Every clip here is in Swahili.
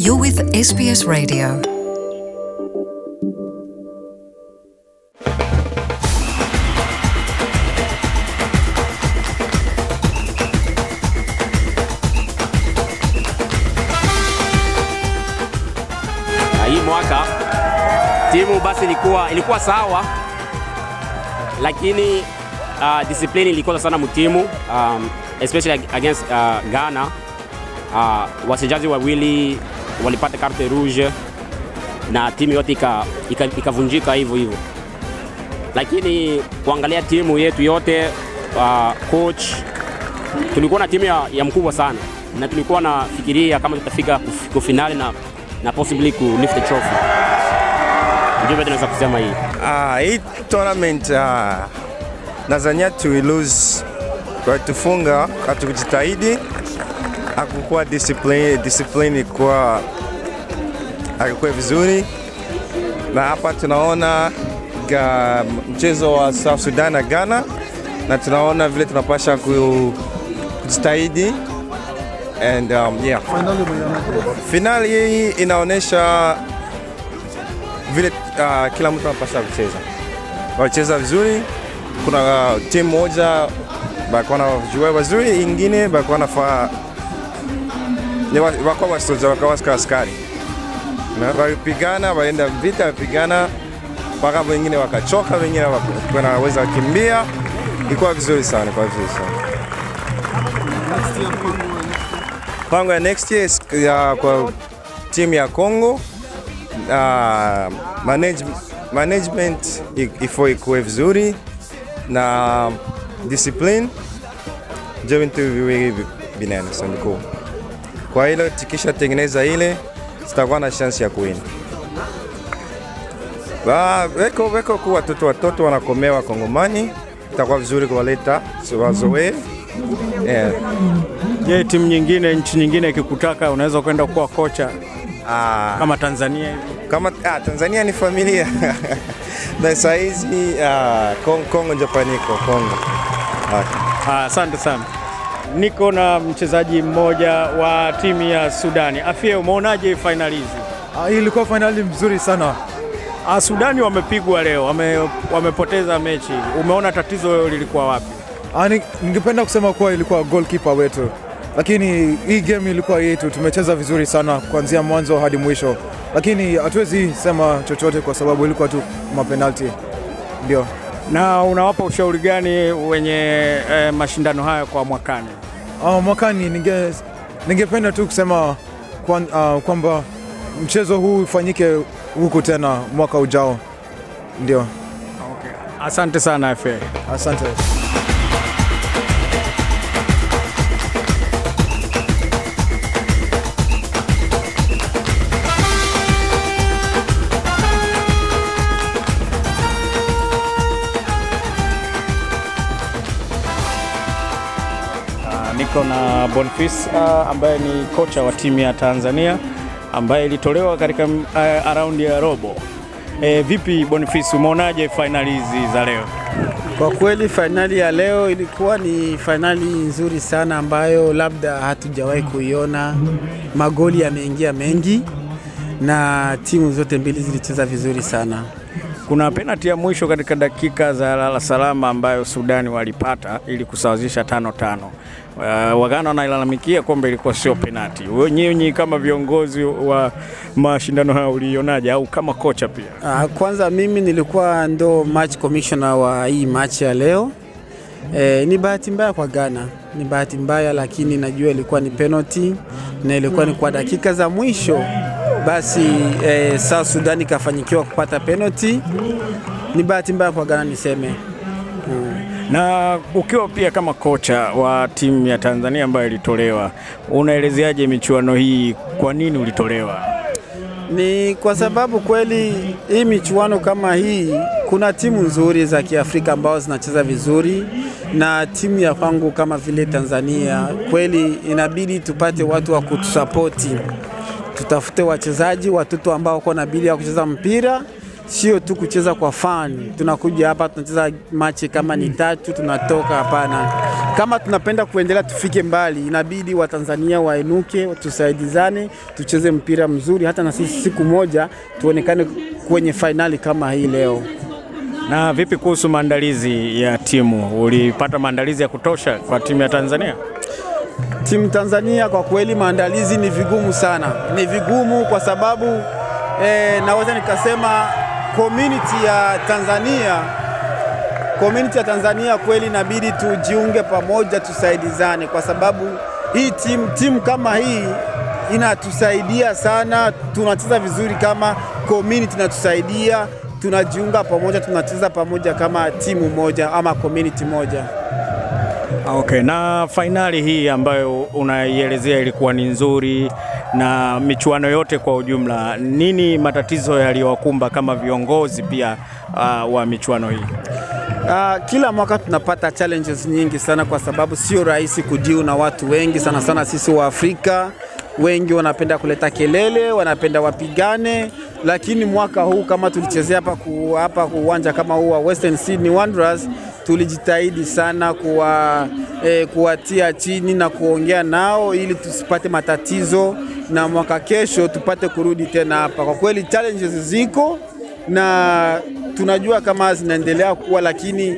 You're with SBS Radio. Na hii mwaka timu basi ilikuwa, ilikuwa sawa lakini uh, discipline ilikosa sana mutimu um, especially against uh, Ghana uh, wachezaji wawili walipata carte rouge na timu yote ikavunjika ika, hivyo hivyo, lakini kuangalia timu yetu yote uh, coach, tulikuwa na timu ya, ya mkubwa sana na tulikuwa na fikiria kama tutafika finali na, na possibly ku lift the trophy. Ndio tunaweza kusema hii ah, hii tournament uh, ah, nazania tu lose kwa tufunga katukujitahidi hakukuwa discipline, discipline kwa hakukuwa vizuri, na hapa tunaona mchezo wa South Sudan na Ghana, na tunaona vile tunapasha kujitahidi and um, yeah. Finali hii inaonyesha vile uh, kila mtu anapasha kucheza, wacheza vizuri. Kuna uh, timu moja bakuwa na wajua wazuri, ingine bakuwa nafaa bakaba basoza bakaba basika askari na wapigana waenda vita wapigana mpaka wengine wakachoka, wengine wanaweza kimbia. ikuwa vizuri sana, kwa vizuri sana. Pango ya next year ya kwa timu ya Kongo uh, manage, management ifo ikuwe vizuri na discipline, ndio vitu viwili vinene sana cool. Kwa hilo tikisha tengeneza ile sitakuwa na chance ya kuwina. Ba, weko weko ku watoto watoto wanakomewa Kongomani, itakuwa vizuri kuwaleta siwazoee. Yeah. Je, timu nyingine nchi nyingine ikikutaka unaweza kwenda kuwa kocha? Ah. kama Tanzania Kama ah, Tanzania ni familia na saizi ah, Kongo Kongo Kongo. Ah. Ah, asante okay. sana niko na mchezaji mmoja wa timu ya Sudani. Afie, umeonaje fainali hizi? Ah, ilikuwa fainali mzuri sana. Ah, Sudani wamepigwa leo, wame, wamepoteza mechi. Umeona tatizo lilikuwa wapi? Ah, ningependa kusema kuwa ilikuwa goalkeeper wetu, lakini hii game ilikuwa yetu. Tumecheza vizuri sana kuanzia mwanzo hadi mwisho, lakini hatuwezi sema chochote kwa sababu ilikuwa tu mapenalti. Ndio. Na unawapa ushauri gani wenye eh, mashindano haya kwa mwakani? Uh, mwakani ningependa tu kusema kwamba uh, kwamba mchezo huu ufanyike huku tena mwaka ujao, ndio. Okay. Asante sana FA. Asante. Niko na Boniface uh, ambaye ni kocha wa timu ya Tanzania ambaye ilitolewa katika uh, around ya robo. E, vipi bonfis umeonaje fainali hizi za leo? Kwa kweli fainali ya leo ilikuwa ni fainali nzuri sana ambayo labda hatujawahi kuiona. Magoli yameingia mengi na timu zote mbili zilicheza vizuri sana. Kuna penati ya mwisho katika dakika za lala salama ambayo Sudani walipata ili kusawazisha tano tano. Uh, Wagana wanailalamikia kwamba ilikuwa sio penati. Nyinyi kama viongozi wa mashindano haya ulionaje, au kama kocha pia? Uh, kwanza mimi nilikuwa ndo match commissioner wa hii match ya leo. Eh, ni bahati mbaya kwa Ghana, ni bahati mbaya, lakini najua ilikuwa ni penalty na ilikuwa ni kwa dakika za mwisho basi eh, South Sudan ikafanyikiwa kupata penalty. Ni bahati mbaya kwa Ghana niseme Na ukiwa pia kama kocha wa timu ya Tanzania ambayo ilitolewa, unaelezeaje michuano hii? Kwa nini ulitolewa? Ni kwa sababu kweli hii michuano kama hii kuna timu nzuri za Kiafrika ambazo zinacheza vizuri, na timu ya kwangu kama vile Tanzania kweli inabidi tupate watu wa kutusapoti tutafute wachezaji watoto ambao wako na bidii ya kucheza mpira, sio tu kucheza kwa fani. Tunakuja hapa tunacheza machi kama ni tatu tunatoka, hapana. Kama tunapenda kuendelea tufike mbali, inabidi Watanzania wainuke, tusaidizane, tucheze mpira mzuri, hata na sisi siku moja tuonekane kwenye fainali kama hii leo. Na vipi kuhusu maandalizi ya timu? Ulipata maandalizi ya kutosha kwa timu ya Tanzania? timu Tanzania kwa kweli maandalizi ni vigumu sana, ni vigumu kwa sababu eh, naweza nikasema community ya Tanzania community ya Tanzania kweli inabidi tujiunge pamoja, tusaidizane, kwa sababu hii timu timu kama hii inatusaidia sana. Tunacheza vizuri kama community, inatusaidia tunajiunga pamoja, tunacheza pamoja kama timu moja ama community moja. Ah, okay, na fainali hii ambayo unaielezea ilikuwa ni nzuri na michuano yote kwa ujumla, nini matatizo yaliyowakumba kama viongozi pia uh, wa michuano hii? Uh, kila mwaka tunapata challenges nyingi sana kwa sababu sio rahisi kujiu na watu wengi sana sana. Sisi wa Afrika wengi wanapenda kuleta kelele, wanapenda wapigane lakini mwaka huu kama tulichezea hapa ku, hapa uwanja kama huu wa Western Sydney Wanderers tulijitahidi sana kuwa, e, kuwatia chini na kuongea nao ili tusipate matatizo na mwaka kesho tupate kurudi tena hapa. Kwa kweli challenges ziko na tunajua kama zinaendelea kuwa, lakini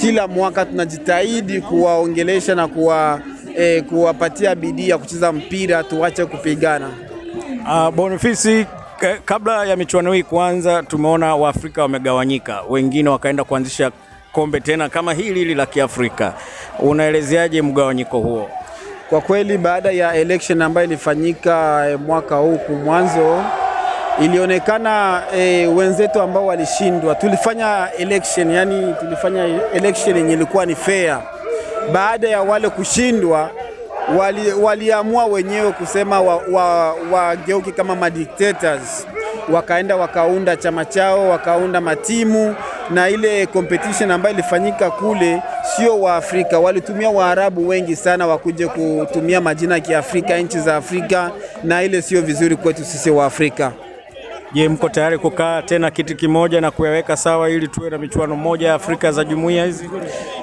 kila mwaka tunajitahidi kuwaongelesha na kuwa, e, kuwapatia bidii ya kucheza mpira tuache kupigana. Uh, ah, Bonifisi Okay, kabla ya michuano hii kuanza, tumeona Waafrika wamegawanyika, wengine wakaenda kuanzisha kombe tena kama hili hili la Kiafrika. Unaelezeaje mgawanyiko huo? Kwa kweli, baada ya election ambayo ilifanyika eh, mwaka huu kumwanzo ilionekana e, wenzetu ambao walishindwa, tulifanya election yani, tulifanya election yenye ilikuwa ni fair. Baada ya wale kushindwa waliamua wali wenyewe kusema wageuki wa, wa kama madictators, wakaenda wakaunda chama chao, wakaunda matimu na ile competition ambayo ilifanyika kule, sio Waafrika, walitumia Waarabu wengi sana wakuje kutumia majina ya Kiafrika, nchi za Afrika, na ile sio vizuri kwetu sisi Waafrika. Je, mko tayari kukaa tena kiti kimoja na kuyaweka sawa ili tuwe na michuano moja ya Afrika za jumuiya hizi?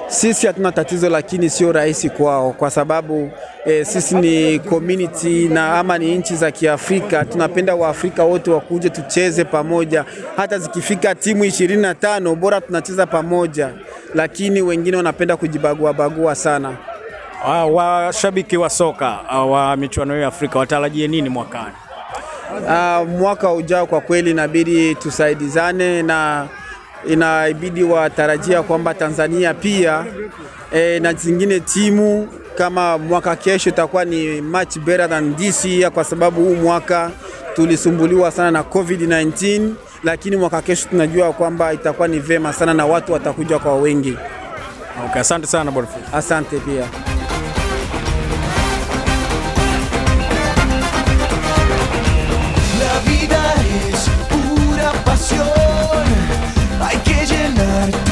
Sisi hatuna tatizo, lakini sio rahisi kwao kwa sababu e, sisi ni community na ama ni nchi za Kiafrika. Tunapenda Waafrika wote wakuje tucheze pamoja, hata zikifika timu ishirini na tano bora tunacheza pamoja, lakini wengine wanapenda kujibaguabagua sana. Ah, washabiki wa soka ah, wa michuano hiyo ya Afrika watarajie nini mwakani? Uh, mwaka ujao kwa kweli inabidi tusaidizane na inabidi watarajia kwamba Tanzania pia e, na zingine timu kama mwaka kesho itakuwa ni much better than this year, kwa sababu huu mwaka tulisumbuliwa sana na COVID-19, lakini mwaka kesho tunajua kwamba itakuwa ni vema sana na watu watakuja kwa wengi. Okay, asante sana Bonifasi. Asante pia. es pura pasión. Hay que llenar